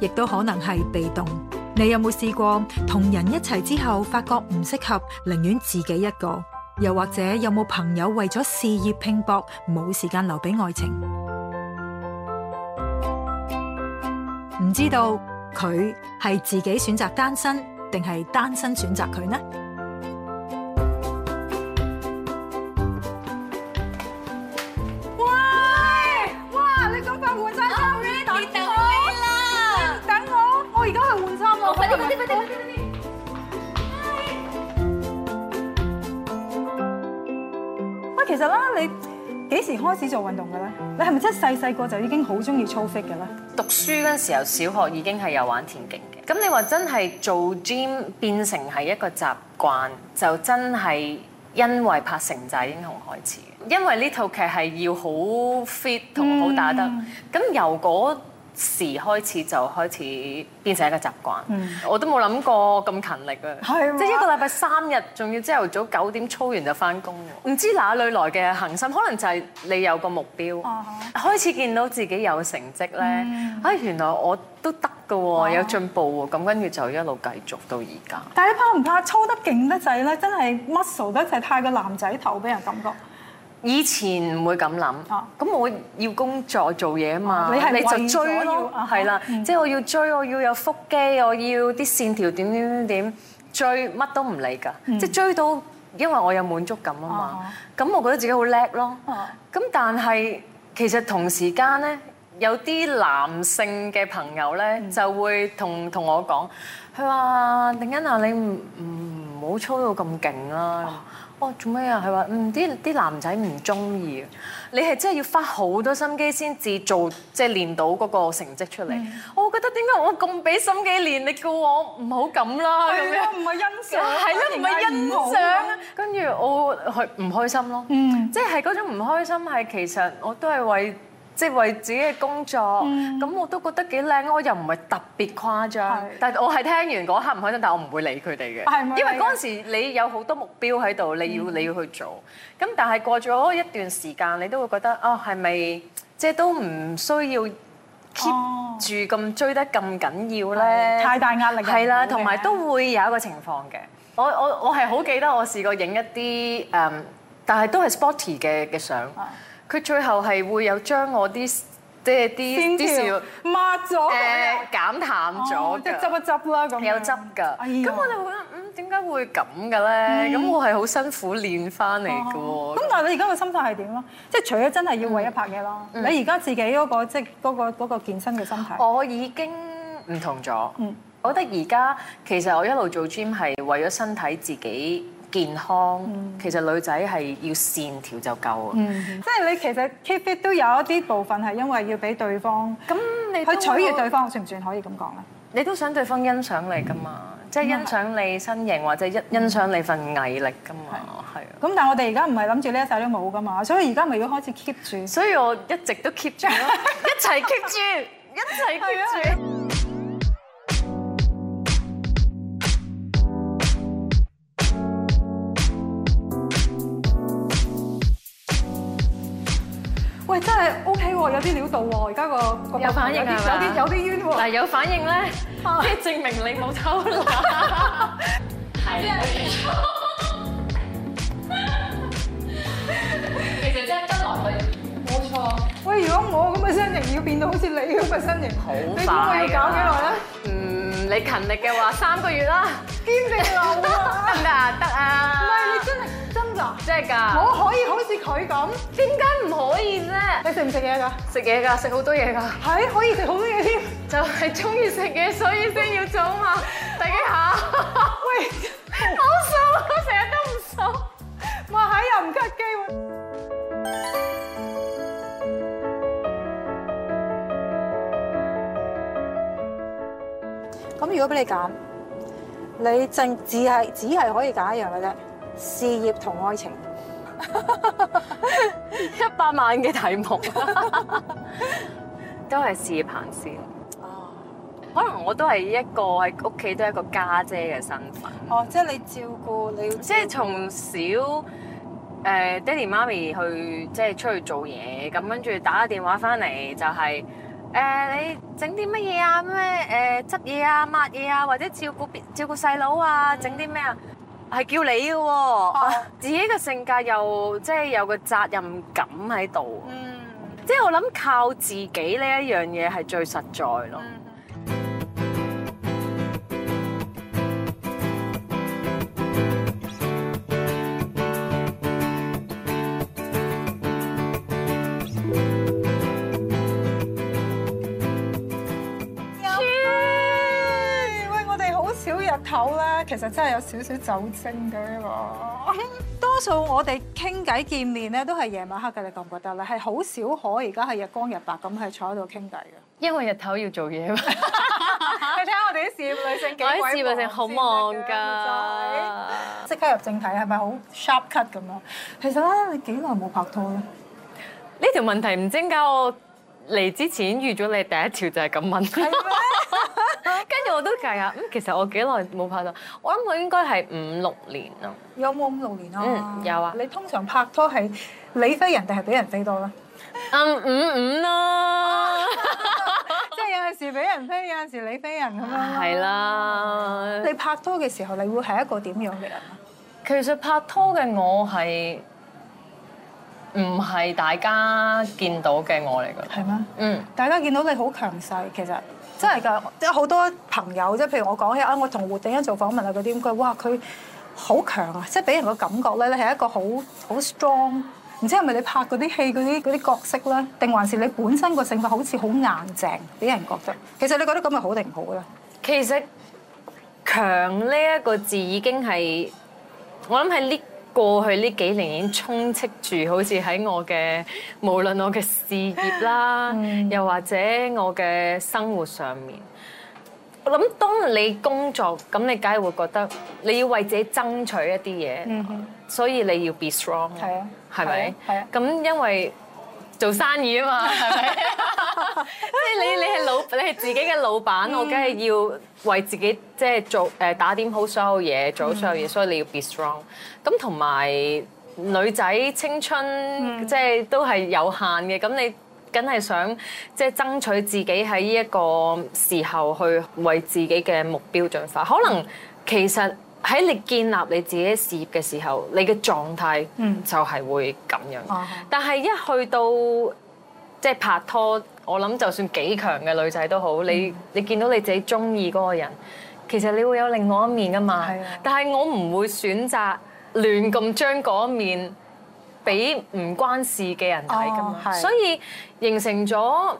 亦都可能係被動，你有冇試過同人一齊之後，發覺唔適合，寧願自己一個？又或者有冇朋友為咗事業拼搏，冇時間留俾愛情？唔知道佢係自己選擇單身，定係單身選擇佢呢？喂，其實啦，你幾時開始做運動嘅咧？你係咪真係細細個就已經好中意操 fit 嘅咧？讀書嗰陣時候，小學已經係有玩田徑嘅。咁你話真係做 gym 變成係一個習慣，就真係因為拍《城寨英雄》開始嘅，因為呢套劇係要好 fit 同好打得。咁、嗯、由嗰、那個時開始就開始變成一個習慣，嗯、我都冇諗過咁勤力啊！即係一個禮拜三日，仲要朝頭早九點操完就翻工。唔知哪裏來嘅恆心，可能就係你有個目標，嗯、開始見到自己有成績咧。哎，嗯、原來我都得嘅喎，有進步喎。咁跟住就一路繼續到而家。但係怕唔怕操得勁得滯咧？真係 muscle 得滯，太過男仔頭俾人感覺。以前唔會咁諗，咁、啊、我要工作、啊、做嘢啊嘛，你就追咯，係啦，即係我要追，我要有腹肌，我要啲線條點點點點，追乜都唔理㗎，即係、嗯、追到，因為我有滿足感啊嘛，咁、啊、我覺得自己好叻咯，咁、啊、但係其實同時間咧，有啲男性嘅朋友咧就會同同、嗯、我講，佢話，定欣啊你唔唔好操到咁勁啦。哦，做咩啊？佢話嗯，啲啲男仔唔中意。你係真係要花好多心機先至做，即係練到嗰個成績出嚟。嗯、我覺得點解我咁俾心機練力，你叫我唔好咁啦咁樣。係啊對，唔係是嗎 欣賞。係咯，唔係欣賞。跟住我係唔開心咯。嗯。即係嗰種唔開心，係、嗯、其實我都係為。即係為自己嘅工作，咁我都覺得幾靚咯，我又唔係特別誇張。但係我係聽完嗰刻唔開心，但係我唔會理佢哋嘅，因為嗰陣時你有好多目標喺度，你要你要去做。咁但係過咗一段時間，你都會覺得啊，係咪即係都唔需要 keep 住咁追得咁緊要咧？太大壓力係啦，同埋都會有一個情況嘅。我我我係好記得我試過影一啲誒，但係都係 sporty 嘅嘅相。佢最後係會有將我啲即係啲啲線抹咗，呃，誒減淡咗，即係執一執啦咁。有執㗎，咁我哋就覺得，嗯，點解會咁嘅咧？咁 我係好辛苦練翻嚟㗎喎。咁但係你而家個心態係點咯？即係除咗真係要為一拍嘢咯， 你而家自己嗰個即係嗰個健身嘅心態。我已經唔同咗。 我覺得而家其實我一路做 gym 係為咗身體自己。健康 其實女仔係要線條就夠啊、嗯！即係你其實 keep fit 都有一啲部分係因為要俾對方，咁你去取悦對方算唔算可以咁講咧？你都想對方欣賞你㗎嘛？即係欣賞你身形，或者欣欣賞你份毅力㗎嘛？係啊的！咁但係我哋而家唔係諗住呢一世都冇㗎嘛？所以而家咪要開始 keep 住。所以我一直都 keep 住， 住，一齊 keep 住，一齊 keep 住。真係 OK 喎，有啲料到喎，而家個有反應係咪？有啲有啲冤喎。嗱，有反應咧，即係證明你冇偷懶，係。其實真係跟落去冇錯。喂，如果我咁嘅身形要變到好似你咁嘅身形，好，你估我要搞幾耐咧？你勤力嘅話，三個月啦，堅定啊，得唔得啊？得啊！ 唔係你真係真㗎？真係㗎！我可以好似佢咁，點解唔可以呢？你食唔食嘢㗎？食嘢㗎，食好多嘢㗎。係可以食好多嘢添，就係中意食嘢，所以先要做啊嘛。第幾下、啊？喂，好瘦， 我成日都唔瘦。我又唔得機會。咁如果俾你揀，你淨只係只係可以揀一樣嘅啫，事業同愛情。一 百萬嘅題目， 都係事業行先。啊，可能我都係一個喺屋企都係一個家姐嘅身份。哦、啊，即係你照顧你要照顧，即係從小，誒爹哋媽咪去即係出去做嘢，咁跟住打個電話翻嚟就係、是。誒你整啲乜嘢啊？咩誒執嘢啊、抹嘢啊，或者照顧別照顧細佬啊？整啲咩啊？係、嗯、叫你嘅喎，嗯、自己嘅性格又即係有個責任感喺度，嗯、即係我諗靠自己呢一樣嘢係最實在咯。嗯。其實真係有少少酒精嘅喎！多數我哋傾偈見面咧，都係夜晚黑㗎，你覺唔覺得咧？係好少可而家係日光日白咁係坐喺度傾偈嘅。因為日頭要做嘢嘛。你睇下我哋啲事業女性幾鬼忙先。我啲事業性好忙㗎。即刻入正題，係咪好 sharp cut 咁啊？其實咧，你幾耐冇拍拖咧？呢條對 問題唔精加我。嚟之前預咗你第一條就係咁問嗎，跟住 我都計啊！咁其實我幾耐冇拍拖，我諗我應該係五六年咯。有冇五六年啊？嗯，有啊。你通常拍拖係你飛人定係俾人飛多咧、嗯？嗯，五五咯，即係有陣時俾人飛，有陣時你飛人咁咯。係啦。你拍拖嘅時候，你會係一個點樣嘅人啊？其實拍拖嘅我係。唔係大家見到嘅我嚟噶，係咩？嗯，大家見到你好強勢，其實真係㗎，即係好多朋友即係譬如我講起啊，我同胡定欣做訪問啊嗰啲咁，佢哇佢好強啊，即係俾人個感覺咧，你係一個好好 strong。唔知係咪你拍嗰啲戲嗰啲嗰啲角色咧，定還是你本身個性格好似好硬淨，俾人覺得。其實你覺得咁係好定唔好咧？其實強呢一個字已經係我諗係呢。過去呢幾年已經充斥住，好似喺我嘅無論我嘅事業啦，又或者我嘅生活上面，我諗當你工作咁，你梗係會覺得你要為自己爭取一啲嘢，嗯、哼所以你要 be strong，係咪？係啊對，咁吧因為。做生意啊嘛，係咪？ 即係你你係老你係自己嘅老闆。 我梗係要為自己即係做誒打點好所有嘢，做好所有嘢，所以你要 be strong。咁同埋女仔青春即係都係有限嘅，咁 你梗係想即係爭取自己喺呢一個時候去為自己嘅目標進發，可能其實。喺你建立你自己事業嘅時候，你嘅狀態就係會咁樣。嗯但。但係一去到即係拍拖，我諗就算幾強嘅女仔都好，你，你你見到你自己中意嗰個人，其實你會有另外一面噶嘛。但係我唔會選擇亂咁將嗰一面俾唔關事嘅人睇噶嘛。所以形成咗。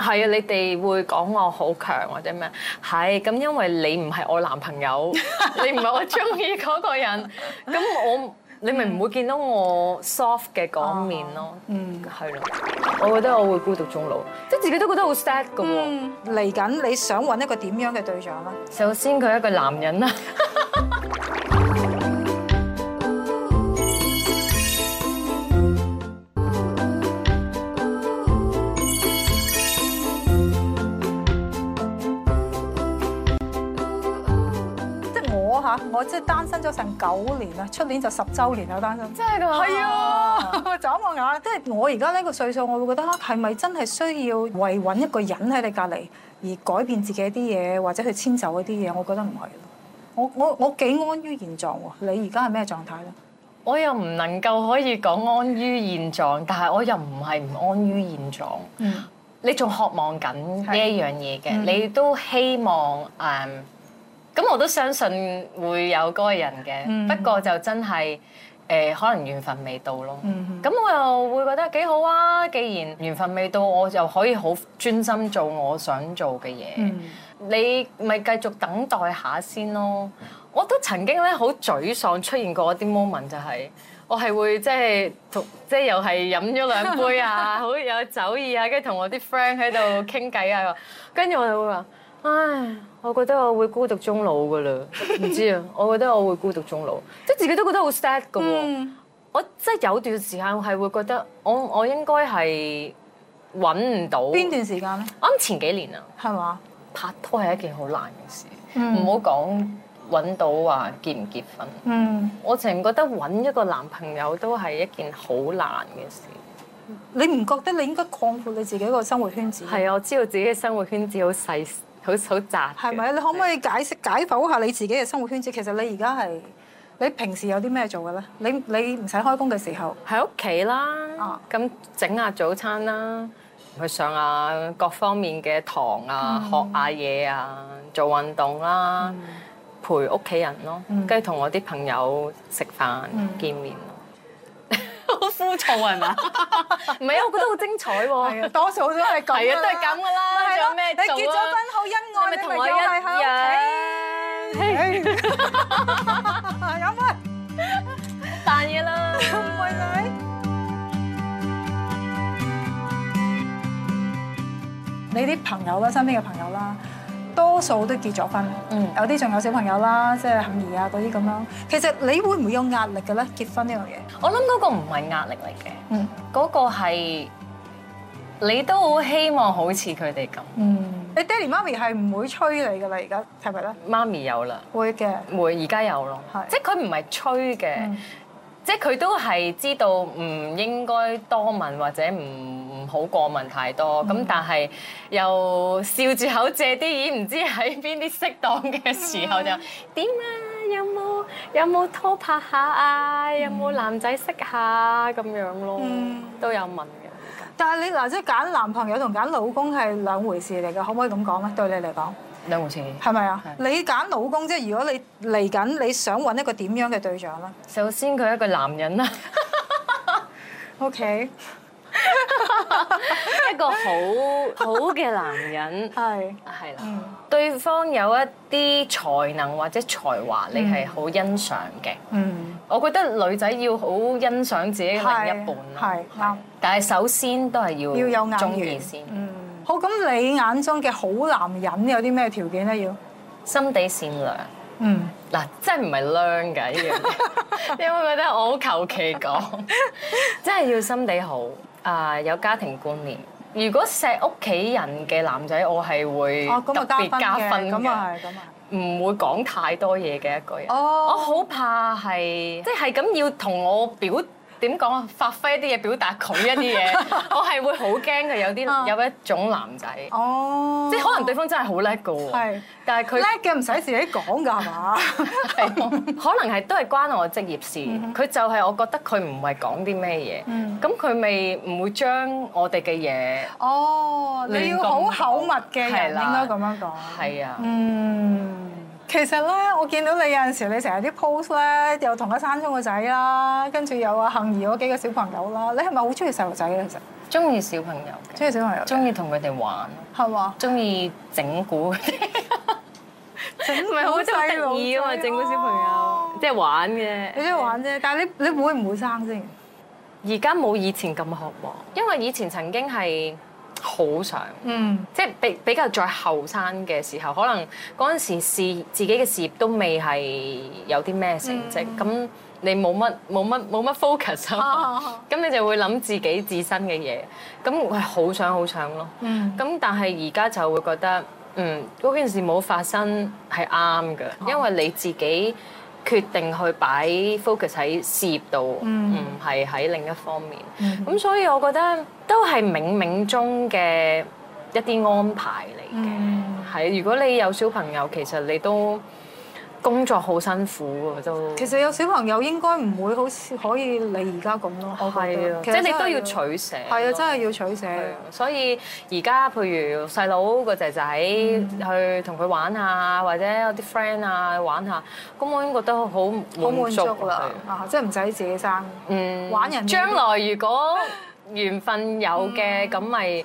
係啊，你哋會講我好強或者咩？係咁，因為你唔係我男朋友， 你唔係我中意嗰個人，咁我你咪唔會見到我 soft 嘅嗰面咯。嗯，係咯，我覺得我會孤獨終老，即係、嗯、自己都覺得好 sad 嘅喎。嚟緊、嗯、你想揾一個點樣嘅對象咧？首先佢係一個男人啊。 我即係單身咗成九年啦，出年就十週年啦，單身。真係㗎？係啊！眨我眼，即係我而家呢個歲數，我會覺得係咪真係需要為揾一個人喺你隔離而改變自己一啲嘢，或者去遷就一啲嘢？我覺得唔係。我我我幾安於現狀喎。你而家係咩狀態咧？我又唔能夠可以講安於現狀，但係我又唔係唔安於現狀。嗯，你仲渴望緊呢一樣嘢嘅？嗯，你都希望誒？咁我都相信會有嗰個人嘅， 不過就真係誒可能緣分未到咯。咁 我又會覺得幾好啊！既然緣分未到，我又可以好專心做我想做嘅嘢。 你咪繼續等待下先咯。我都曾經咧好沮喪出現過一啲 moment，就係我係會即係同即係又係飲咗兩杯啊，好有酒意啊，跟住同我啲 friend 喺度傾偈啊，跟住我就會話。唉，我覺得我會孤獨終老噶啦，唔知啊，我覺得我會孤獨終老，即係自己都覺得好 sad 噶喎。我真係有段時間係會覺得我，我我應該係揾唔到。邊段時間咧？啱前幾年啊，係嘛？拍拖係一件好難嘅事，唔好講揾到話結唔結婚。嗯，我淨覺得揾一個男朋友都係一件好難嘅事。你唔覺得你應該擴闊你自己個生活圈子？係啊，我知道自己嘅生活圈子好細。好好窄嘅，係咪？你可唔可以解釋解剖下你自己嘅生活圈子？其實你而家係，你平時有啲咩做嘅咧？你你唔使開工嘅時候，喺屋企啦，咁整下早餐啦，去上下各方面嘅堂啊，學下嘢啊，做運動啦，陪屋企人咯，跟住同我啲朋友食飯見面。枯燥係嘛？唔係，我覺得好精彩喎！的多數都係咁係啊，都係咁噶啦。係咯，你結咗婚好恩愛，你咪同我一齊。恭喜！扮嘢啦！唔該曬。你啲朋友啦，身邊嘅朋友啦。多數都結咗婚，有啲仲有小朋友啦，即係杏兒啊嗰啲咁樣。其實你會唔會有壓力嘅咧？結婚呢樣嘢，我諗嗰個唔係壓力嚟嘅，嗰個係你都好希望好似佢哋咁。你爹哋媽咪係唔會催你噶啦，而家係咪咧？媽咪有啦，會嘅，會而家有咯，係即係佢唔係催嘅。嗯即係佢都係知道唔應該多問或者唔好過問太多，咁但係又笑住口借啲嘢，唔知喺邊啲適當嘅時候就點啊？ 有冇有冇拖拍下啊？有冇男仔識下咁樣咯？都、嗯、 有問嘅。但係你嗱，即係揀男朋友同揀老公係兩回事嚟嘅，可唔可以咁講咧？對你嚟講？兩回事，係咪啊？是你揀老公，即係如果你嚟緊，你想揾一個點樣嘅對象呢？首先佢係一個男人啦，OK， 一個好好嘅男人，係係啦，對方有一啲才能或者才華，你係好欣賞嘅。嗯，我覺得女仔要好欣賞自己另一半，係，對但係首先都係要要有中意先。好咁，你眼中嘅好男人有啲咩條件咧？要心地善良。嗯，是是，嗱，即係唔係靚㗎呢樣嘢。你會覺得我好求其講，即係要心地好。啊，有家庭觀念。如果錫屋企人嘅男仔，我係會特別加分嘅。咁啊係，咁啊唔會講太多嘢嘅一個人。哦，我，我好怕係，即係咁要同我表。點講啊？發揮一啲嘢，表達佢一啲嘢，我係會好驚嘅。有啲有一種男仔，哦，即係可能對方真係好叻嘅喎。係。但係佢叻嘅唔使自己講㗎，係嘛？可能係都係關我職業事。佢就係我覺得佢唔係講啲咩嘢，咁佢咪唔會將我哋嘅嘢。哦，你要好口密嘅人。係啦。應該咁樣講。係啊。其實咧，我見到你有陣時你有，你成日啲 post 咧，又同阿山聰個仔啦，跟住有阿杏兒嗰幾個小朋友啦，你係咪好中意細路仔咧？其實中意小，小朋友，中意小朋友，中意同佢哋玩咯，係嘛股？中意整蠱嗰啲，整唔係好得意啊嘛，整蠱小朋友，即係玩嘅。你中意玩啫，但係你你會唔會生先？而家冇以前咁渴望，因為以前曾經係。好想，即係比比較在後生嘅時候，可能嗰陣時事自己嘅事業都未係有啲咩成績，咁、嗯、你冇乜冇乜冇乜 focus 咯，咁、嗯、你就會諗自己自身嘅嘢，咁係好想好想咯。咁但係而家就會覺得，嗯、嗰件事冇發生係啱㗎，因為你自己，決定去擺 focus 喺事業度，唔係喺另一方面。咁 所以我覺得都係冥冥中嘅一啲安排嚟嘅。係， 如果你有小朋友，其實你都。工作好辛苦喎都。其實有小朋友應該唔會好似可以你而家咁咯。係啊，即係你都要取捨。係啊，真係要取捨。所以而家譬如細佬個仔仔去同佢玩下，或者有啲 friend 啊玩下，咁我已經覺得好滿足啦。啊，即係唔使自己生。嗯，玩人。將來如果緣分有嘅，咁咪。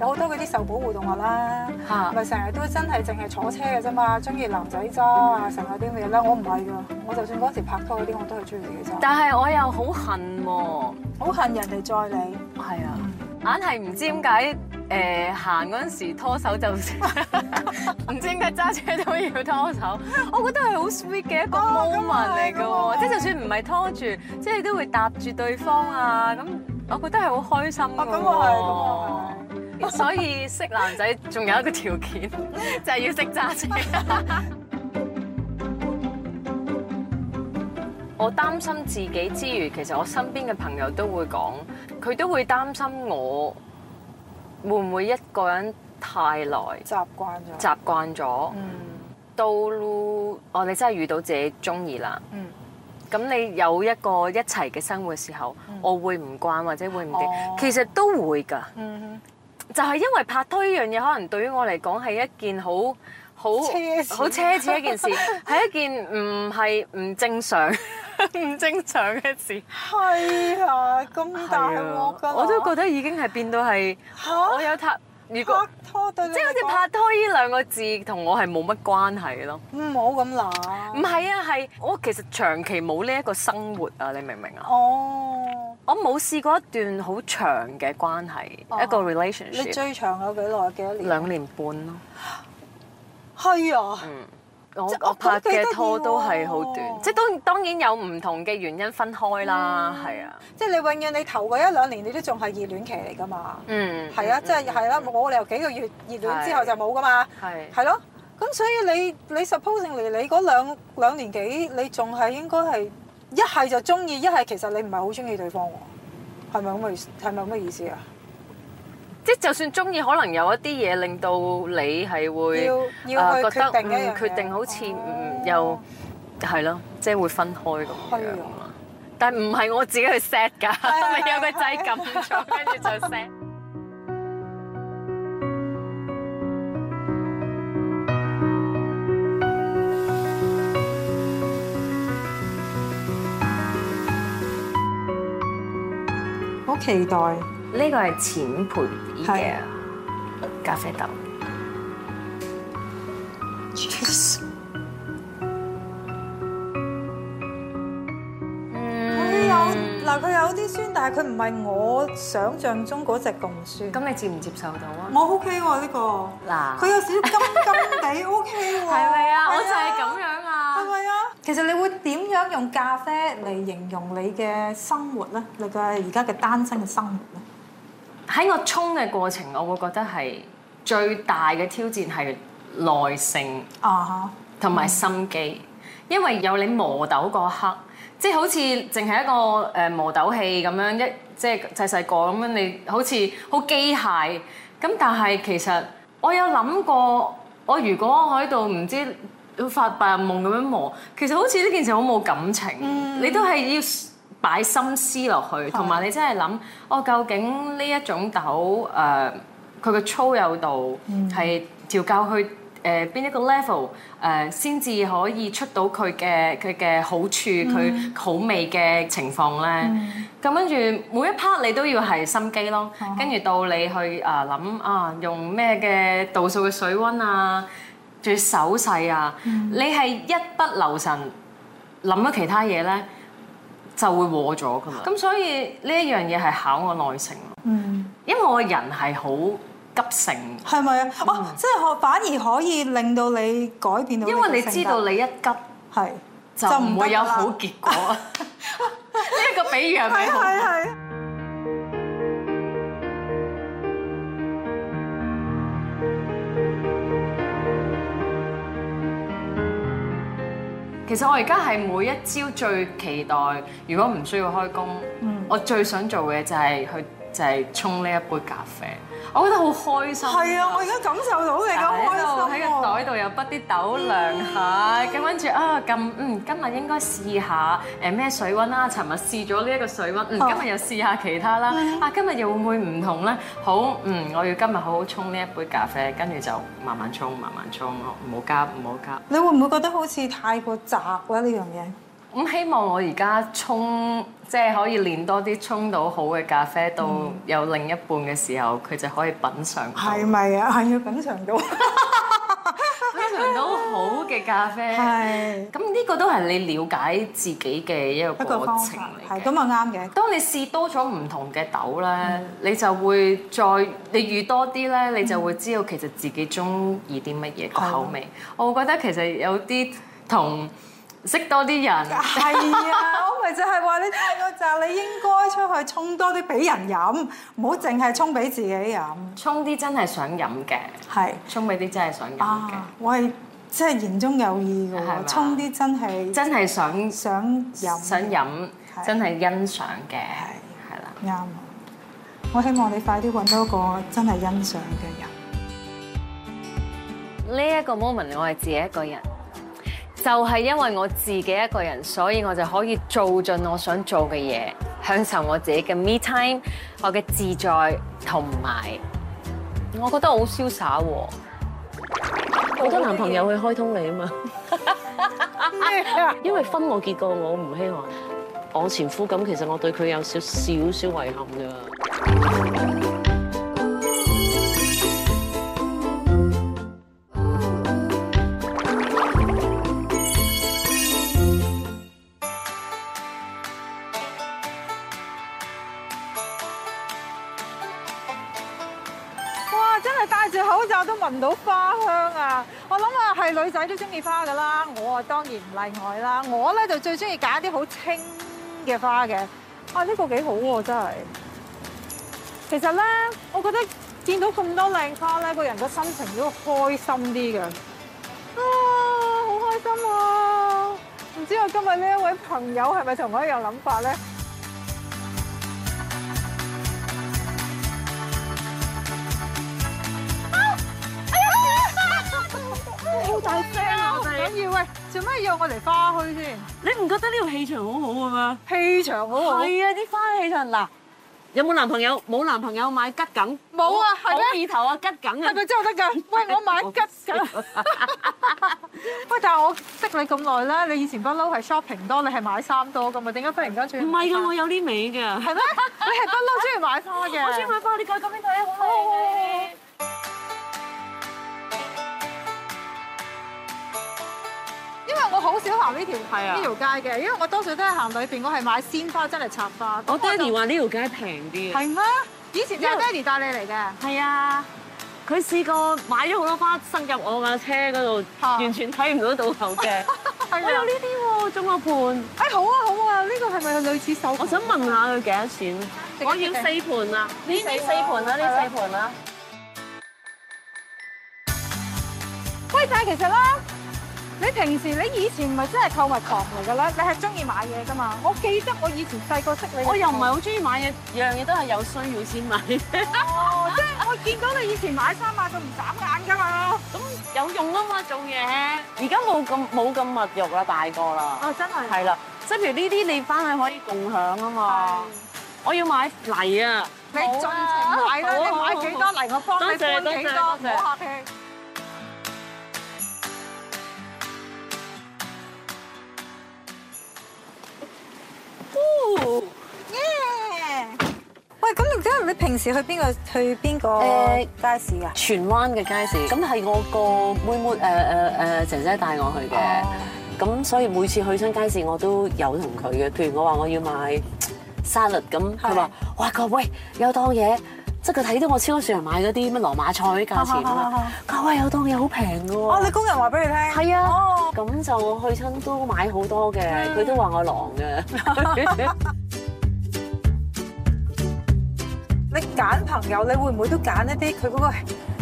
有好多嗰啲受保護動物啦，咪成日都真係淨係坐車嘅啫嘛，中意男仔揸啊，成日啲咩啦，我唔係㗎，我就算嗰時拍拖嗰啲，我都係中意嘅啫。但係我又好恨喎，好、嗯、恨人哋載你、嗯。係啊，硬係唔知點解誒行嗰陣時拖手就唔 知點解揸車都要拖手，我覺得係好 sweet 嘅一個 moment 嚟嘅喎，即係就算唔係拖住，即係都會搭住對方啊，咁我覺得係好開心咁啊。所以識男仔仲有一個條件， 就係要識揸車。我擔心自己之餘，其實我身邊嘅朋友都會講，佢都會擔心我會唔會一個人太耐，習慣咗，習慣咗。嗯、到哦，你真係遇到自己中意啦。嗯，咁你有一個一齊嘅生活時候，我會唔慣或者會唔點？哦、其實都會噶。嗯就係因為拍拖呢樣嘢，可能對於我嚟講係一件好好好奢侈，奢侈一件事，係 一件唔係唔正常、唔 正常嘅事。係啊，咁大鑊㗎，我都覺得已經係變到係、啊、我有拍，如果拍拖對你，即係好似拍拖呢兩個字，同我係冇乜關係咯。唔好咁諗。唔係啊，係我其實長期冇呢一個生活啊，你明唔明啊？哦。Oh. 我冇試過一段好長嘅關係，一個 relationship。你最長有幾耐？幾多年？兩年半咯。係啊。嗯。我我拍嘅拖都係好短，即係當當然有唔同嘅原因分開啦，係啊。即係你永遠你頭嗰一兩年你都仲係熱戀期嚟㗎嘛。嗯。係啊，即係係啦，我我冇理由幾個月熱戀之後就冇㗎嘛。係。係咯。咁所以你你 supposing 你你嗰兩兩年幾你仲係應該係？一係就中意，一係其實你唔係好中意對方，係咪咁嘅意思？係咪咁嘅意思啊？即係就算中意，可能有一啲嘢令到你係會啊、呃、覺得唔決定，好似唔、哦、又係咯，即係會分開咁樣。的但係唔係我自己去 set 噶，係咪有個掣撳錯，跟住就 set？好期待呢個係淺焙嘅咖啡豆。Jesus，佢有嗱，佢有啲酸，但係佢唔係我想象中嗰隻咁酸。咁你接唔接受到啊？我 OK 喎呢個，嗱，佢有少少金金哋，OK 喎，係咪啊？我就係咁樣。其實你會點樣用咖啡嚟形容你嘅生活呢？你嘅而家嘅單身嘅生活呢？喺我沖嘅過程，我會覺得係最大嘅挑戰係耐性啊，同埋心機。因為有你磨豆嗰刻，即係好似淨係一個誒磨豆器咁樣，一即係細細個咁樣，你好似好機械。咁但係其實我有諗過，我我如果喺度唔知。要發白日夢咁樣磨，其實好似呢件事好冇感情，嗯、你都係要擺心思落去，同埋、嗯、你真係諗，我、哦、究竟呢一種豆誒，佢、呃、嘅粗幼度係調教去誒邊一個 level 誒，先、呃、至可以出到佢嘅佢嘅好處，佢、嗯、好味嘅情況咧。咁跟住每一 part 你都要係心機咯，跟住、嗯、到你去誒諗、呃、啊，用咩嘅度數嘅水溫啊？仲要手勢啊！嗯、你係一不留神諗咗其他嘢咧，就會和咗噶嘛。咁所以呢一樣嘢係考我耐性咯。嗯，因為我個人係好急性，係咪啊？嗯、即係可反而可以令到你改變到。因為你知道你一急係的就唔會有好結果。呢一 個比喻係咪好？其實我而家係每一朝最期待，如果唔需要開工，我最想做嘅就係去，就係沖呢一杯咖啡。我覺得好開心。係啊，我而家感受到你咁開心喺、啊、個袋度又不啲豆涼下，咁跟住啊，咁嗯，今日應該試下誒咩水溫啦。尋日試咗呢一個水溫，嗯，今日、啊嗯、又試下其他啦。啊，今日又會唔會唔同咧？好，嗯，我要今日好好沖呢一杯咖啡，跟住就慢慢沖，慢慢沖，唔好加，唔好加。你會唔會覺得好似太過雜咧呢樣嘢？咁希望我而家沖即係、就是、可以多練多啲沖到好嘅咖啡，到有另一半嘅時候，佢就可以品嚐。係咪啊？係要品嚐到， 品嚐到好嘅咖啡。係是。咁呢個都係你了解自己嘅一個過程嚟。係咁啊，啱嘅。就當你試多咗唔同嘅豆咧，嗯、你就會再你遇多啲咧，你就會知道其實自己中意啲乜嘢口味。我覺得其實有啲同。識多啲人，係啊，我咪就係話你太過宅，你應該出去沖多啲俾人飲，唔好淨係沖俾自己飲。沖啲真係想飲嘅，係沖俾啲真係想飲嘅。我係真係言中有意嘅喎，沖啲真係真係想想飲，想飲真係欣賞嘅，係啦，啱。我希望你快啲揾到個真係欣賞嘅人。呢一個 moment 我係自己一個人。就係因為我自己一個人，所以我就可以做盡我想做嘅嘢，享受我自己嘅 me time，我嘅自在同埋，我覺得好瀟灑喎。好多男朋友去開通你啊嘛，因為婚我結過，我唔希望我前夫咁，其實我對佢有少少少遺憾㗎。真係戴住口罩都聞到花香啊，我花！我諗啊，係女仔都中意花噶啦，我啊當然唔例外啦。我咧就最中意揀一啲好清嘅花嘅。啊，呢個幾好喎，真係。其實咧，我覺得見到咁多靚花咧，個人個心情都會開心啲嘅。啊，好開心啊！唔知道我今日呢一位朋友係咪同我一樣諗法咧？做咩要我嚟花墟先？你唔覺得呢度氣場好好噶咩？氣場好好，係啊！啲花氣場，嗱，有冇男朋友？冇男朋友買桔梗？冇啊，係咩？我意頭啊，桔梗啊，係咪真係得噶。喂，我買桔梗。喂，但係我識你咁耐啦，你以前不嬲係 shopping 多，你係買衫多噶嘛？點解忽然間轉唔係噶？我有啲味噶，係咩？你係不嬲中意買花嘅？我中意買花，你過咗邊度咧？好。因為我好少行呢條係啊，呢條街嘅，因為我多數都係行裏邊，我係買鮮花，真係插花。我爹哋話呢條街平啲。係咩？以前係爹哋帶你嚟嘅。係啊，佢試過買咗好多花生，入我架車嗰度，完全睇唔到到頭嘅。係呢？有呢啲喎，種個盤。哎，好啊好啊，呢個係咪類似手？我想問下佢幾多錢？我要四盤啊！呢四四盤啊，呢四盤啊。威仔，其實啦～你平時你以前唔係真係購物狂嚟㗎咧？ 你係中意買嘢㗎嘛？我記得我以前細個識你，我又唔係好中意買嘢，樣嘢都係有需要先買。 哦，即係我見到你以前買衫買到唔眨眼㗎嘛？咁有用啊嘛，做嘢。而家冇咁冇咁物慾啦，大個啦。哦，真係。係啦，即係譬如呢啲你翻去可以共享啊嘛。是我要買泥啊！你盡情買啦，啊、你買幾多泥我幫你搬幾多，唔好 客氣。 哦耶！喂 normal isation,，咁然之後你平時去邊個去邊個誒街市啊？荃灣嘅街市。咁係我個妹妹誒誒誒姐姐帶我去嘅。咁所以每次去親街市我都有同佢嘅。譬如我話我要買沙律，咁佢話，哇個喂有檔嘢。即佢睇到我超市場買嗰啲咩羅馬菜啲價錢，佢話，價、啊啊、有檔嘢好平嘅喎。哦，你工人話俾你聽。係啊。哦。咁就去親都買好多嘅，佢都話我狼嘅。嗯、 你揀朋友，你會唔會都揀一啲佢嗰？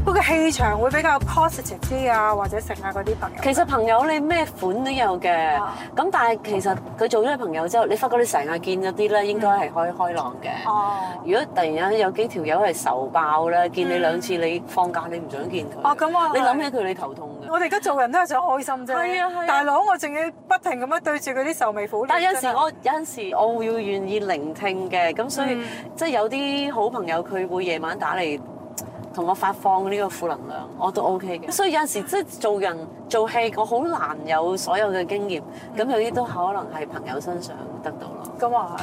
嗰個氣場會比較 positive 啲啊，或者食下嗰啲朋友。其實朋友你咩款都有嘅，咁、啊、但係其實佢做咗你朋友之後，你發覺你成日見咗啲咧，應該係開開朗嘅。哦、啊。如果突然間有有幾條友係仇爆咧，啊、見你兩次你放假你唔想見佢。哦，咁啊。你諗起佢你頭痛嘅。我哋而家做人都係想開心啫。係啊係。啊啊大佬，我仲要不停咁樣對住佢啲愁眉苦臉。但有時我的有陣時我會願意聆聽嘅，咁所以即係、嗯、有啲好朋友佢會夜晚打嚟。同我發放呢個負能量，我都 OK 嘅。所以有陣時即係做人做戲，我好難有所有嘅經驗。咁有啲都可能係朋友身上得到咯、嗯。咁又係。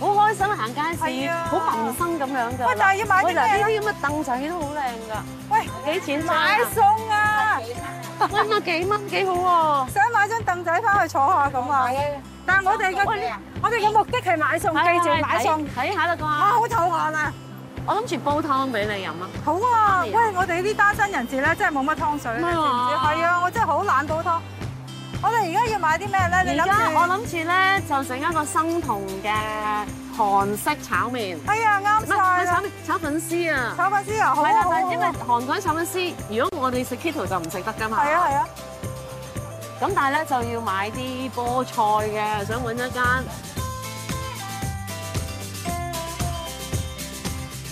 好開心行街市，好民生咁樣㗎。哎、看看喂，但係要買啲咩？啲咁嘅凳仔都好靚㗎。喂，幾錢買啊？餸啊！揾下幾蚊幾好喎！想買張凳仔翻去坐下咁啊！但係我哋嘅我哋嘅目的係買餸，繼續買餸，睇下就啱。啊，好肚餓啦！我諗住煲湯俾你飲啊！好啊！喂， 我哋啲單身人士咧，真係冇乜湯水。唔係啊！我真係好懶煲湯。我哋而家要買啲咩咧？現在 你諗住？我諗住咧，就整一個生酮嘅。韓式炒麵，哎呀啱炒炒粉絲啊，炒，啊、炒粉絲啊，好好、啊、好。因為韓國炒粉絲，如果我哋食 keto 就唔食得噶嘛。係啊係啊。咁、啊、但係咧就要買啲菠菜嘅，想揾一間，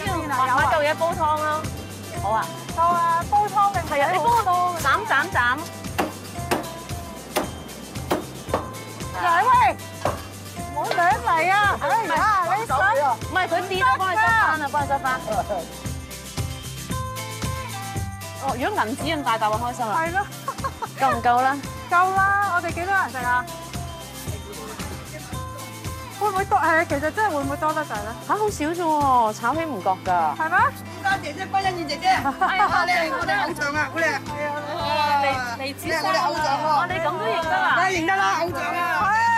要買夠嘢煲湯咯。好啊。夠啊！煲湯定係啊，你煲到斬斬斬。是啊、喂！我想嚟啊！哎呀，你手唔係佢跌啊！幫你執翻啊！幫你執翻。哦，如果銀紙咁大啖啊，開心啦！係咯，夠唔夠咧？夠啦！我哋幾多人食啊？會唔會多？係啊，其實真係會唔會多得滯咧？嚇，好少咋喎，炒起唔覺㗎。係咩？唔該姐姐，江欣燕姐姐，好靚啊！我哋偶像啊，好靚。係啊，黎黎子，我哋偶像啊！我哋咁都認得啊？認得啦，偶像啊！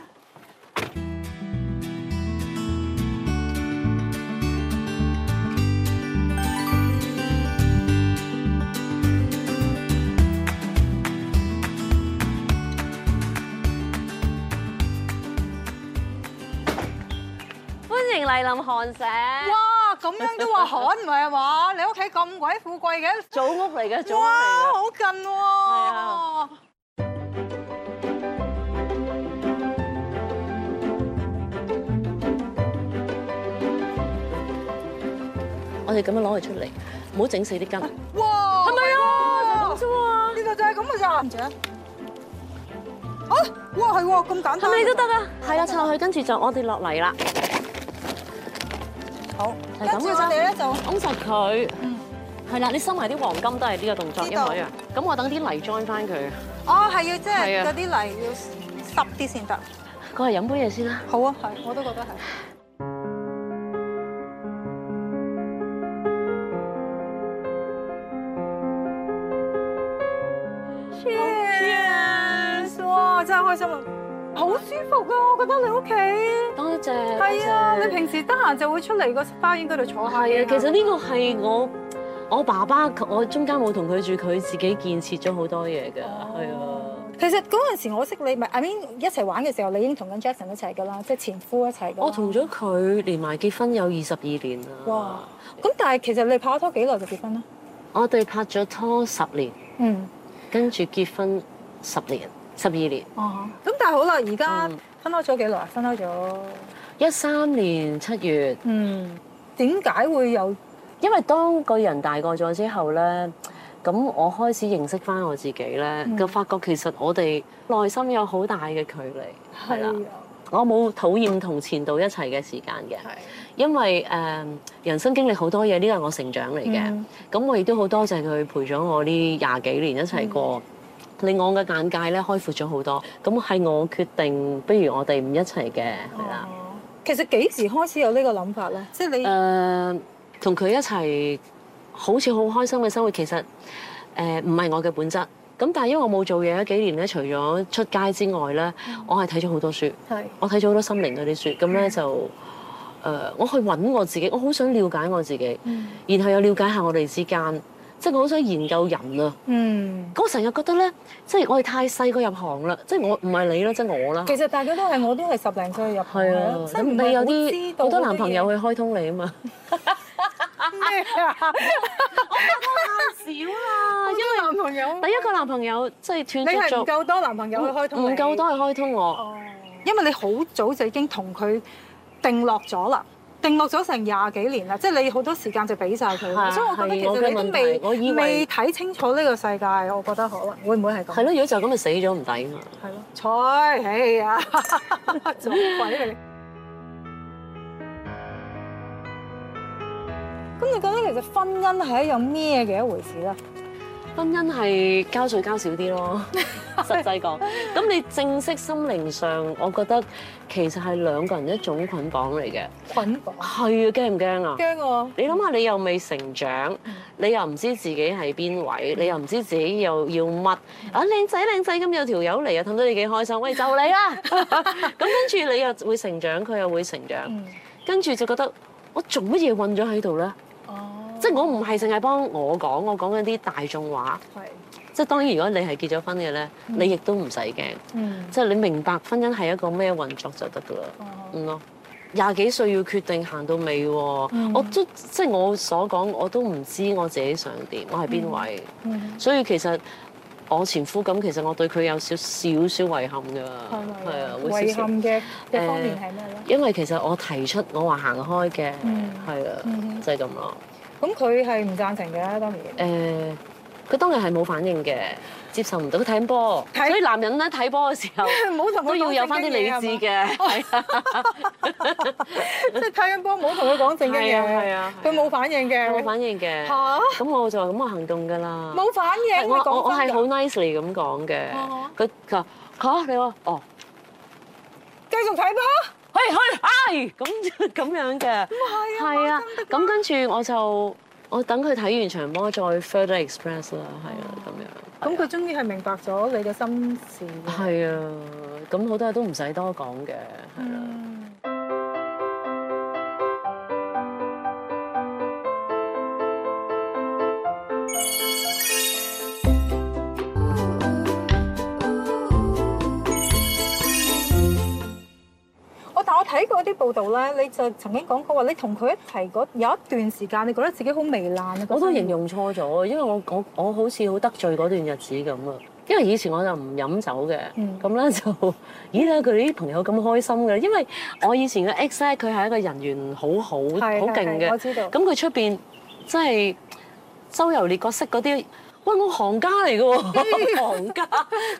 歡迎蒞臨寒舍。哇，咁樣都話寒，唔係嘛？你屋企咁鬼富貴嘅，祖屋嚟嘅，祖屋。哇，好近喎！我哋咁樣攞佢出嚟，唔好整死啲根。哇，係咪啊？就咁啫喎，呢個就係咁嘅咋？唔着。啊，哇，係喎，咁簡單。係咪都得啊？係啊，插落去，跟住就我哋落嚟啦。係咁嘅啦，拱實佢，嗯，係啦，你收埋啲黃金都係呢個動作，一模一樣。咁我等啲泥 join 翻佢。哦，係要即係嗰啲泥要濕啲先得。過嚟飲杯嘢先啦。好啊，係，我都覺得係。耶！哇，真係開心啊。好舒服噶，我覺得你屋企多謝。係啊對，謝謝你平時得閒就會出嚟個花園嗰度坐下嘅。其實呢個係我我爸爸，我中間冇同佢住，佢自己建設咗好多嘢噶。係啊，其實嗰陣時我識你咪 Amin 一齊玩嘅時候，你已經同緊 Jason 一齊噶啦，即前夫一齊。我同咗佢連埋結婚有二十二年啦。哇！咁但係其實你拍拖幾耐就結婚啦？我哋拍咗拖十年，嗯，跟住結婚十年。嗯嗯十二年，哦，咁但係好啦，而家分開咗幾耐啊？分開咗一三年七月。嗯，點解會有？因為當個人大個咗之後咧，咁我開始認識翻我自己咧，就發覺其實我哋內心有好大嘅距離。係啦了，了我冇討厭同前度一齊嘅時間嘅，了因為誒人生經歷好多嘢，呢個係我成長嚟嘅。咁、嗯、我亦都好多謝佢陪咗我呢廿幾年一齊過。令我嘅眼界咧開闊咗好多，咁係我決定，不如我哋唔一齊嘅係啦。其實幾時開始有呢個諗法咧？即係你誒同佢一齊，好似好開心嘅生活，其實誒唔係我嘅本質。咁但係因為我冇做嘢幾年咧，除咗出街之外咧，我係睇咗好多書，我睇咗好多心靈嗰啲書，咁咧就誒我去揾我自己，我好想了解我自己，然後又了解下我哋之間。即係我好想研究人啊！嗯，我成日覺得咧，即係我哋太細個入行啦。即係我唔係你啦，即係我啦。其實大家都係我都係十零歲入去啊！了是是你有啲好多男朋友去開通你啊嘛麼？ 我覺得少啦，因為男朋友第一個男朋友即係斷絕你係唔夠多男朋友去開通，唔夠多去開通我，因為你好早就已經同佢定落咗啦。定落咗成廿幾年啦，即係你好多時間就俾晒佢，所以我覺得其實你都未未睇清楚呢個世界，我覺得可能會唔會係咁？係咯，如果就咁就死咗唔抵啊！係咯了，嘥氣呀，做鬼嚟？咁你覺得其實婚姻係一樣咩嘅一回事咧？婚姻係交稅交少啲咯，實際講。咁你正式心靈上，我覺得其實係兩個人一種捆綁嚟嘅。捆綁？係啊，驚唔驚啊？驚啊！我你諗下，你又未成長，你又唔知自己係邊位，你又唔知自己又要乜啊！靚仔靚仔，咁有條友嚟啊，氹到你幾開心。喂，就你啦！咁跟住你又會成長，佢又會成長，跟住就覺得我做乜嘢困咗喺度咧？即係我唔係淨係幫我講，我講緊啲大眾話。係。即係當然，如果你係結咗婚嘅咧，你亦都唔使驚。即係你明白婚姻係一個咩運作就得㗎啦。哦。嗯咯，廿幾歲要決定行到尾喎？我都即係我所講，我都唔知我自己想點，我係邊位。所以其實我前夫咁，其實我對佢有少少少遺憾㗎。係咪？係啊，遺憾嘅一方面係咩咧？因為其實我提出我話行開嘅，嗯，係啊，就係咁咯。咁佢係唔贊成嘅，當年。誒，佢當年係冇反應嘅，接受唔到。佢睇波，所以男人咧睇波嘅時候，冇同佢講有翻啲理智嘅。即係睇緊波，冇同佢講正嘢，佢冇反應嘅。冇反應嘅。嚇的！咁我就話咁我行動㗎啦。冇反應，我我係好 nicely 咁講嘅。佢佢話嚇？你話哦，的繼續睇波。去去哎，咁咁樣嘅，唔係啊，咁跟住我就我等佢睇完場波再 further express 啦，係啊，咁樣。咁佢，啊、終於係明白咗你嘅心事。係啊，咁好多都唔使多講嘅，係啊。嗯但我睇過啲報道咧，你就曾經講過話，你同佢一齊嗰有一段時間，你覺得自己好糜爛啊！我都形容錯咗，因為我我我好似好得罪嗰段日子咁啊！因為以前我、嗯、就唔飲酒嘅，咁咧就咦啦，佢哋啲朋友咁開心嘅，因為我以前嘅 ex 佢係一個人緣好好好勁嘅，我知道咁佢出邊真係周遊列國式嗰啲。喂，我行家嚟嘅喎， 行家，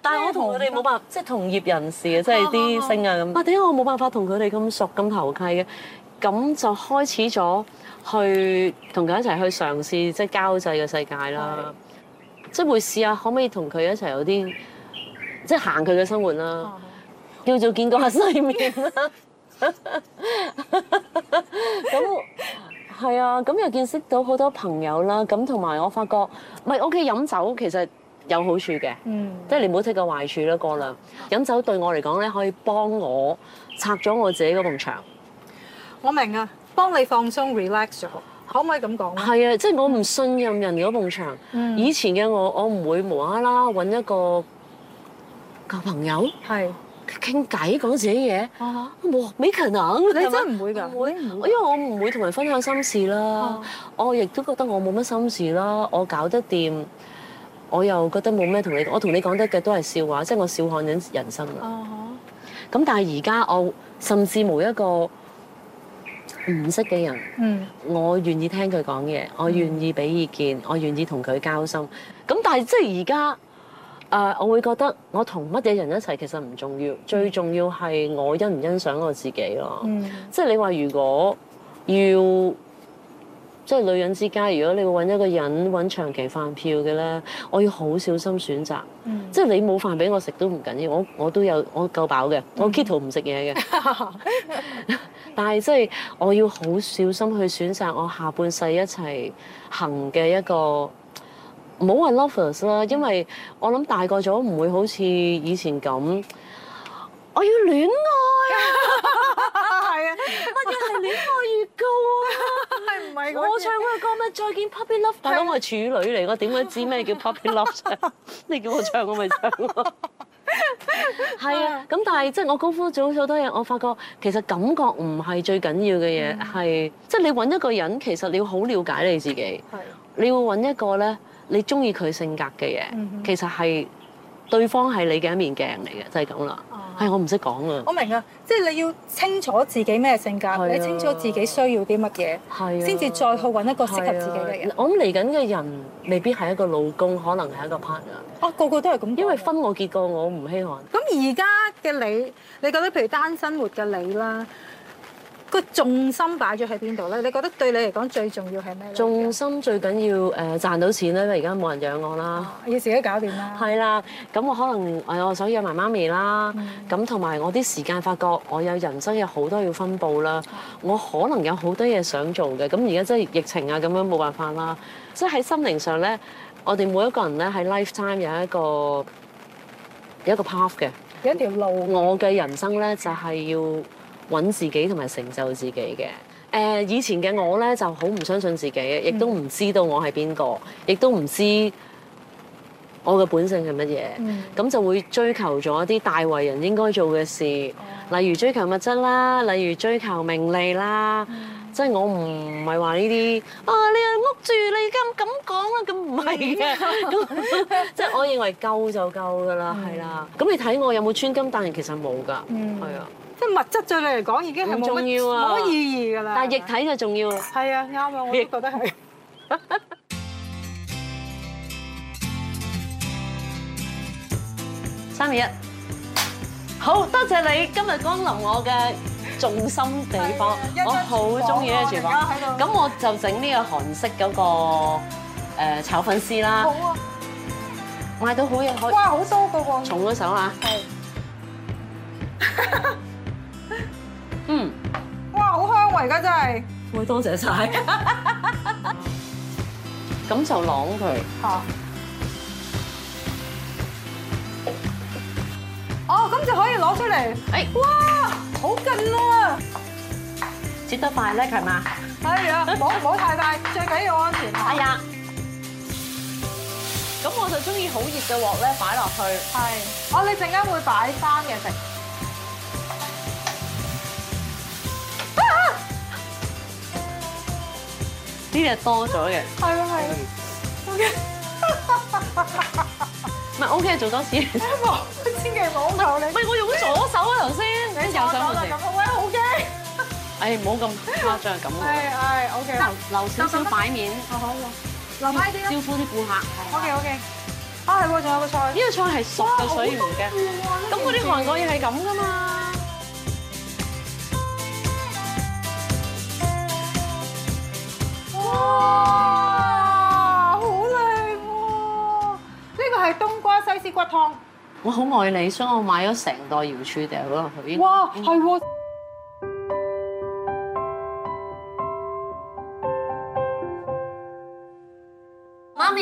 但係我同佢哋冇辦法，即係同業人士啊，即係啲星啊咁。 我點解我冇辦法同佢哋咁熟咁投契嘅？咁 就開始咗去同佢一齊去嘗試即係交際嘅世界啦的。即係會試下可唔可以同佢一齊有啲即係行佢嘅生活啦， 叫做見個下世面見過下世面啦。咁。 係啊，咁又見識到好多朋友啦，咁同埋我發覺，唔係 OK 飲酒其實有好處嘅，嗯、即係你唔好睇個壞處啦，過量飲酒對我嚟講咧，可以幫我拆咗我自己嗰埲牆。我明啊，幫你放鬆 relax 咗，可唔可以咁講？係啊，即係我唔信任人嗰埲牆，嗯、以前嘅我，我唔會無啦啦揾一個舊朋友。係。傾偈講自己嘢，冇 make a noise。 你真係唔會㗎？唔會，唔會因為我唔會同人分享心事啦。 我亦都覺得我冇乜心事啦。我搞得掂，我又覺得冇咩同你講。我同你講得嘅都係笑話，即係我笑看緊人生啦。咁 但係而家我甚至冇一個唔識嘅人，我願意聽佢講嘢，我願意俾意見，我願意同佢交心。咁但係即係而家。啊！我會覺得我同乜嘢人一齊其實唔重要，嗯、最重要係我欣唔欣賞我自己咯。即係、嗯、你話如果要即係、就是、女人之家，如果你會揾一個人揾長期飯票嘅呢，我要好小心選擇。即係、嗯、你冇飯俾我食都唔緊要，我我都有我夠飽嘅，我 keep 到唔食嘢嘅。哈哈哈哈 但係即係我要好小心去選擇我下半世一齊行嘅一個。唔好話 lovers 啦，因為我諗大個咗唔會好似以前咁，我要戀愛，係啊，我越嚟戀愛預告啊，係唔係？我唱佢個歌咩？《再見對了 puppy love。我諗我係處女嚟，我點解知咩叫 puppy love？你叫我唱我咪唱咯， 係啊。咁但係即係我功夫做咗好多嘢，我發覺其實感覺唔係最緊要嘅嘢，係即係你揾一個人，其實你要好了解你自己，係，你要揾一個咧。你中意佢性格嘅嘢，mm hmm。其實係對方係你嘅一面鏡嚟嘅，就係咁啦。係我唔識講啊！我，我明啊，即、就、係、係、你要清楚自己咩性格，啊、你清楚自己需要啲乜嘢，先至、啊、再去揾一個適合自己嘅人。啊、我諗嚟緊嘅人未必係一個老公，可能係一個 partner。哦、啊，個個都係咁。因為婚我結過，我唔稀罕。咁而家嘅你，你覺得譬如單身生活嘅你啦。個重心擺咗喺邊度咧？你覺得對你嚟講最重要係咩咧？重心最緊要誒賺到錢啦，因為而家冇人養我啦、哦，要自己搞掂啦。係啦，咁我可能誒我想養埋媽咪啦，咁同埋我啲時間發覺我有人生有好多要分佈啦，嗯、我可能有好多嘢想做嘅。咁而家真係疫情啊，咁樣冇辦法啦。所以喺心靈上咧，我哋每一個人咧喺 lifetime 有一個有一個 path 嘅，有一條路。我嘅人生咧就係要。揾自己同埋成就自己嘅，誒以前嘅我咧就好唔相信自己，亦都唔知道我係邊個，亦都唔知我嘅本性係乜嘢，咁就會追求咗一啲大為人應該做嘅事，例如追求物質啦，例如追求名利啦，即係我唔係話呢啲啊，你有屋住，你咁咁講啊，咁唔係嘅，即係我認為夠就夠噶啦，係啦，咁你睇我有冇穿金戴銀，其實冇噶，係啊。即係物質對你嚟講已經係冇乜冇乜意義㗎啦，但係液體就重要。係啊，啱啊，我都覺得係。三二一，好多謝你今日光臨我嘅重心地方，我好中意呢個廚房。咁我就整呢個韓式嗰個誒炒粉絲啦。好啊。買到好嘢，好。哇！好多個喎。重咗手啊。係。而家真係，會多謝曬。咁就攞佢。哦，咁就可以攞出嚟。哎，哇，好勁啊！切得快咧，係嘛？係啊，唔好唔好太大，最緊要安全。係啊。咁我就中意好熱嘅鑊咧，擺落去。係。我你陣間會擺翻嘢食，啲嘢多咗嘅，係啊，係 O K，唔係 O K 係做多啲，唔好，千祈唔好鬧你，喂！我用左手啊頭先，你右手、欸、好唔好？咁好啊，O K，哎唔好咁誇張，留少少擺面，好好留快啲招呼啲顧客，O K O K，啊係喎，仲有個菜、啊，呢個菜係熟嘅，所以唔驚，咁嗰啲韓國嘢係咁噶嘛。哇，好靚喎！呢個係冬瓜西施骨湯。我好愛你，所以我買咗成袋瑤柱掉落去。哇，係喎。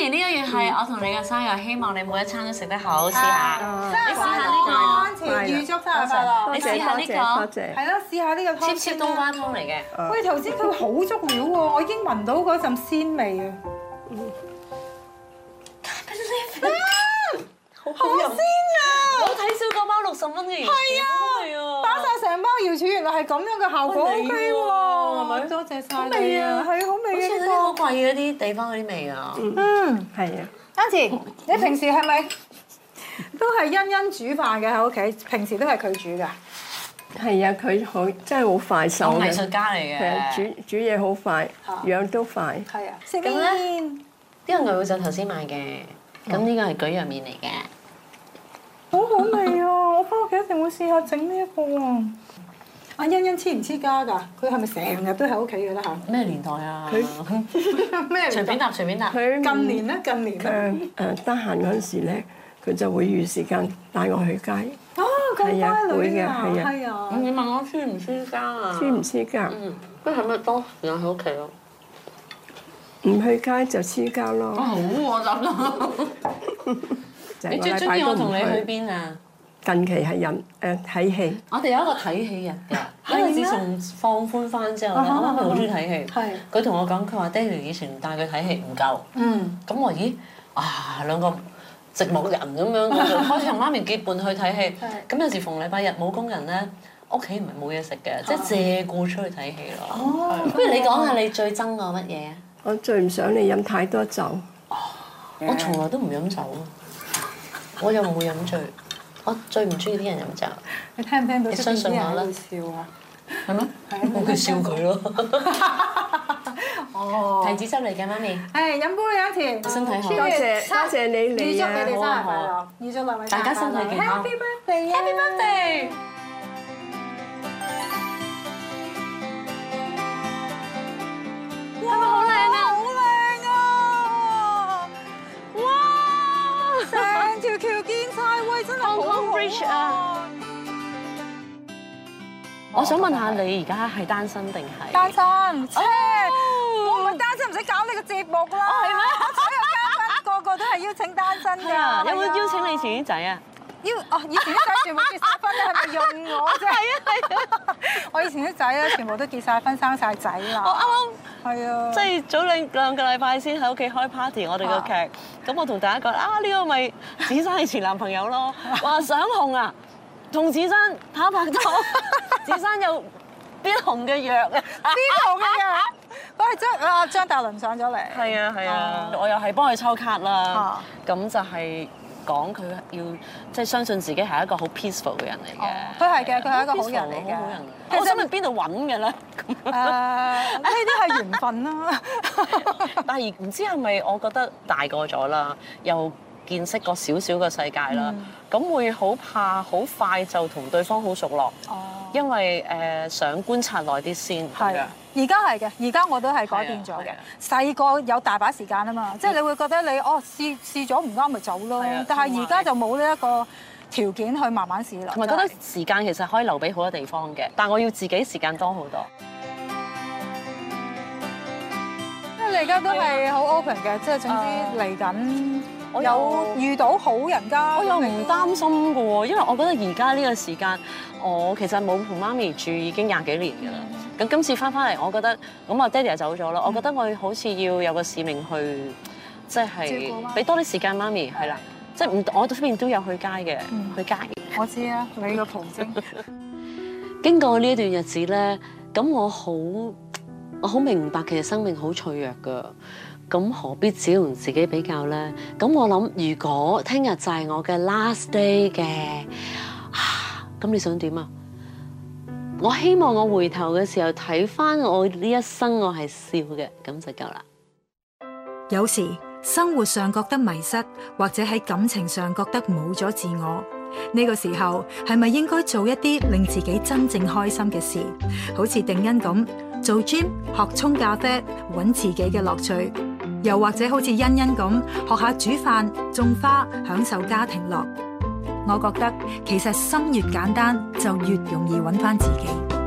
而呢一樣係我同你嘅生日，希望你每一餐都食得好，試下的。你試下呢個番茄魚粥沙律飯咯，飯你試下呢個。係咯謝，試下呢個。清清冬瓜湯嚟嘅。喂，這個，頭先佢好足料喎，我已經聞到嗰陣鮮味啊。嗯。好鮮啊！我睇少個煲六十蚊嘅魚。係啊。瑤柱原來係咁樣嘅效果，OK 喎，啊，係咪？多謝晒！好味啊！係好味啊！好似啲好貴嗰啲地方嗰啲味啊！嗯，係啊是的 慧。阿慈，你平時係咪都係欣欣煮飯嘅喺屋企？平時都係佢煮㗎。係啊呢，佢、嗯、好真係、嗯嗯、好快手嘅。我藝術家嚟嘅。係啊，煮煮嘢好快，樣都快。係啊。食麵。啲牛肉就頭先買嘅。咁呢個係鬼樣麵嚟嘅。好好味啊！我返屋企一定會試下整呢一個啊！阿欣欣黐唔黐家㗎？佢係咪成日都喺屋企㗎啦嚇？咩年代啊？佢咩？隨便答，隨便答。佢近年咧？近年啊。誒得閒嗰陣時咧，佢就會預時間帶我去街。哦，啊，佢係呀，係呀！咁你問我黐唔黐家啊。黐唔黐家？嗯。佢係咪多時間喺屋企咯。唔去街就黐家咯。好，我就啦。你最中意我同你去邊啊？近期係人誒睇戲，我哋有一個睇戲人嘅，因為自從放寬翻之後咧，我媽咪好中意睇戲。係佢同我講，佢話爹哋以前帶佢睇戲唔夠。嗯，咁我咦啊兩個寂寞人咁樣，可以同媽咪結伴去睇戲。係咁有時逢禮拜日冇工人咧，屋企唔係冇嘢食嘅，即係借故出去睇戲咯。不如你講下你最憎我乜嘢？我最唔想你飲太多酒。我從來都唔飲酒，我又唔會飲醉。我最唔中意啲人飲酒，你聽唔聽到？你相信我啦，笑啊，係咯，冇佢笑佢咯。哦，提子汁嚟嘅媽咪，係飲杯有一甜，身體好，多謝多謝你你啊，祝你哋生日快樂，祝各位大家身體健康，Happy Birthday，Happy Birthday，係咪好靚啊？我，我想問下你而家係單身定係？單身，唔知！我唔係單身唔使搞你個節目啦嗎。哦，係咩？所有嘉賓個個都係邀請單身嘅。嗎嗎有冇邀請你前邊仔啊？要，哦， 以前啲仔全部結曬婚咧，係咪用我啫？係啊係啊！ 我以前啲仔咧，全部都結晒婚、生晒仔啦。哦是的，啱啱係啊！即係早兩兩個禮拜先喺屋企開 party，我哋個劇咁，我同大家講啊，呢個咪芷珊係前男朋友咯，話想紅啊，同芷珊拍拍拖，芷珊有邊紅嘅藥啊，邊紅嘅藥，喂，係張啊張大倫上咗嚟，係啊係啊，我又係幫佢抽卡啦，咁就係、是。講佢要即係相信自己係一個好 peaceful 嘅人嚟嘅，佢係嘅，佢係一個好人嚟嘅。我想問邊度揾嘅咧？誒，呢啲係緣分啦。 但係唔知係咪？我覺得大個咗啦，又。見識個少少嘅世界啦，咁會好怕，好快就同對方好熟絡，因為誒想觀察耐啲先。係，而家係嘅，而家我都係改變咗嘅。細個有大把時間啊嘛，即係你會覺得你哦試試咗唔啱咪走咯，但係而家就冇呢一個條件去慢慢試啦。同埋覺得時間其實可以留俾好多地方嘅，但係我要自己時間多好多。因為你而家都係好 open 嘅，即係總之嚟緊。我有遇到好人家，我又唔擔心㗎喎，因為我覺得而家呢個時間，我其實冇同媽咪住已經廿幾年㗎啦。咁今次翻返嚟，我覺得咁啊，爹哋又走咗啦。我覺得我好似要有個使命去，即係俾多啲時間媽咪，係啦。對，即係唔，我喺出邊都有去街嘅，嗯、去街。我知啊，你嘅旁證。 經過呢一段日子咧，咁我好，我好明白其實生命好脆弱㗎。咁何必只同自己比較呢？咁我諗，如果聽日就係我嘅 last day 嘅，啊，咁你想點啊？我希望我回頭嘅時候睇翻我呢一生，我係笑嘅，咁就夠啦。有時生活上覺得迷失，或者喺感情上覺得冇咗自我，呢個時候係咪應該做一啲令自己真正開心嘅事？好似定欣咁做 gym、學沖咖啡、揾自己嘅樂趣。又或者好似欣欣咁，學下煮飯、種花，享受家庭樂。我覺得其實心越簡單，就越容易揾返自己。